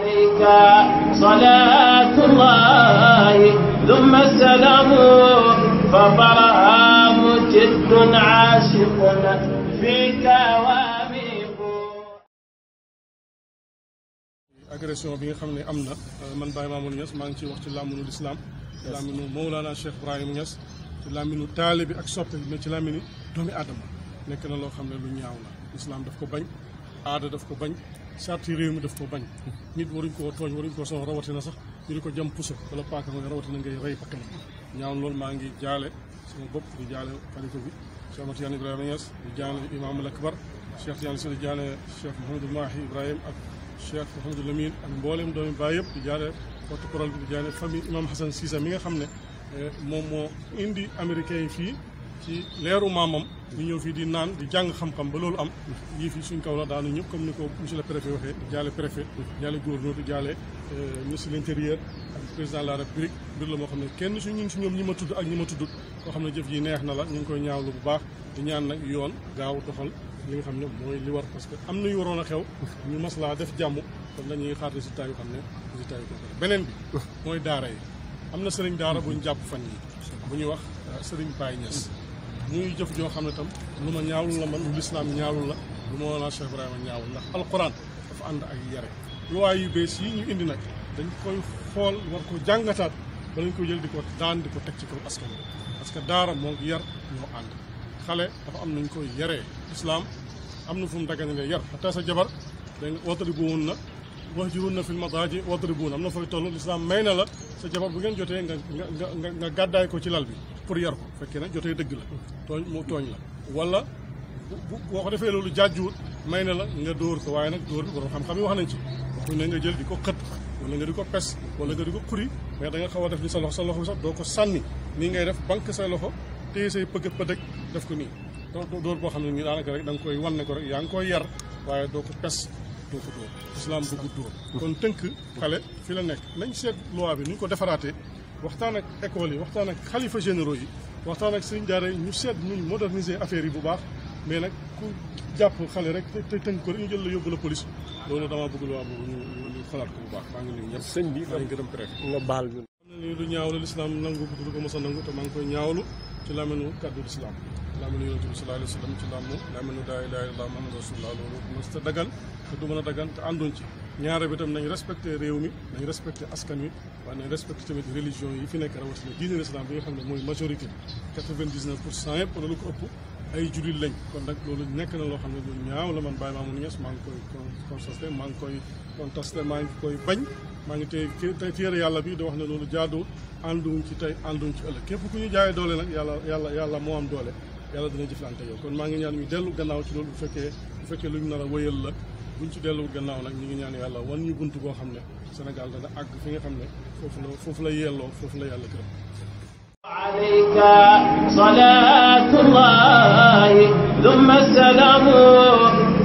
عليك صلاة الله ثم السلام فطرها مجد عاشق فيك واميق agression bi nga xam ne am na man Baye Mamoune Niass maa ngi ciy wax ci làmmiñu lislaam làmmiñu Mawlana Cheikh Ibrahima Niass ci làmmiñu taale bi ak soppe bi mais ci làmmiñu doomi aadama nekk na loo xam ne lu ñaaw la lislaam daf ko bañ aada daf ko bañ sarti réew mi daf ko bañ nit waruñ koo tooñ waruñ koo soo rawatina sax ñu di ko jam puso wala paaka nga rawatina ngay rey bakkan ñaaw loolu maa ngi jaale sama bopp di jaale xalifa bi Cheikh Ahmad Tidiane Ibrahima Niass di jaale Imam al Akbar Cheikh Tidiane Sy di jaale Cheikh Mouhamadou Mahi Ibrahima ak Cheikh Mouhamadou Lamine ak mbooleem doomi baay yëpp di jaale porte-parole bi di jaale famille Imam Hassan Cissé mi nga xam ne eh, moom moo indi américain fii ci leeru maamam ñu ñëw fii di naan di jàng xam-xam ba loolu am yii fii suñ kaw la daanu ñëpp comme ni ko monsieur le préfet waxee di jaale préfet di jaale gouverneur di jaale euh, ministre de l'intérieur ak président de la république la moo xam ne kenn su ñun si ñoom ñi ma tudd ak ñi ma tuddut koo xam ne jëf yi neex na la ñu ngi koy ñaawlu bu baax di ñaan nag yoon gaaw doxal li nga xam ne mooy li war parce que am na yu waroon a xew ñu maslaa def jàmm kon dañuy xaar résultat yu xam ne résultat yu ko beneen bi mooy daara yi na sëriñ daara jàpp fan yi bu ñuy wax euh, sëriñ Baye Niass muy jëf joo xam ne tam lu ma ñaawul la man lu lislaam ñaawul la lu ma Mawlana Cheikh Ibrahima ñaawul ndax alquran dafa ànd ak yare loi yu bees yi ñu indi nag dañ koy xool war ko jàngataat ba lañ ko jël di ko daan di ko teg ci kaw askan bi parce que daara moo ngi yar ñoo ànd xale dafa am nañ koy yaree islaam am na fu mu daggane nga yar xataa sa jabar dégg nga wotali bu woon na wahjuruhunna fil madaaji wadribuuna am na fooy toll lislaam may na la sa jabar bu ngeen jotee nga nga nga gàddaay ko ci lal bi pour yar ko fekkee na jotee dëgg la tooñ mu tooñ la wala boo ko defee loolu jàjjuwut may na la nga dóor ko waaye nag dóor bi borom xam-xam yi wax nañ ci waxuñ ne nga jël di ko xët wala nga di ko pes wala nga di ko kuri mais da nga xaw a def ni sa loxo sa loxo bi sax doo ko sànni nii ngay def banque say loxo téye say pëgg pëdëg def ko nii dóor boo xam ne nii daanaka rek da nga koy wan ne ko rek yaa ngi koy yar waaye doo ko pes doo ko dóor islam bëggu dóor kon tënk xale fi la nekk nañ seet loi bi nu ñu ko defaraatee waxtaan ak école yi waxtaan ak xalifa généro yi waxtaan ak sëriñ daara yi ñu seet nuñ moderniser affaire yi bu baax mais nag ku jàpp xale rek te tënk ko rek ñu jël la yóbbu la police loolu dama bëgg loi boobu ñu xalaat ko bu baax maa ngi nuyu ñëpp sëñ bi maa ngi gërëm préfet nga baal ñu ñaawlu lislaam nangu bëgg du ko mos nangu te maa ngi koy ñaawlu ci lamenu kàddu lislaam làmmiñu yonent bi a dagan te nañ respecté réew mi nañ respecté askan wi waaye nañ respecté tamit religion yi fi nekk rawatina diine l'islam bi nga xam ne mooy majorité bi 99 yëpp wala lu ko ëpp ay jullit lañ kon nag loolu nekk na loo xam ne lu ñaaw la man Baye Mamoune Niass maa ngi koy constaté maa ngi koy bañ maa ngi tey tey téere yàlla bi di wax ne loolu jaaduwul ànduñ ci tey ànduñ ci ëllëg képp ku ñu jaayee doole nag yàlla yàlla yàlla moo am doole yàlla dina jëflante yow kon maa ngi ñaan ñu dellu gannaaw ci loolu bu fekkee lu ñu nar a wëyal la buñ ci dellu gannaaw nag ñu ngi ñaan yàlla wan ñu bunt boo xam ne senegal dana àgg fi nga xam ne foofu la foofu la yelloo foofu la yàlla gërëm alayka salaatullahi thumma salaamu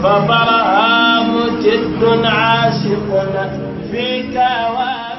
fa barhaamu jiddun aashiqun fika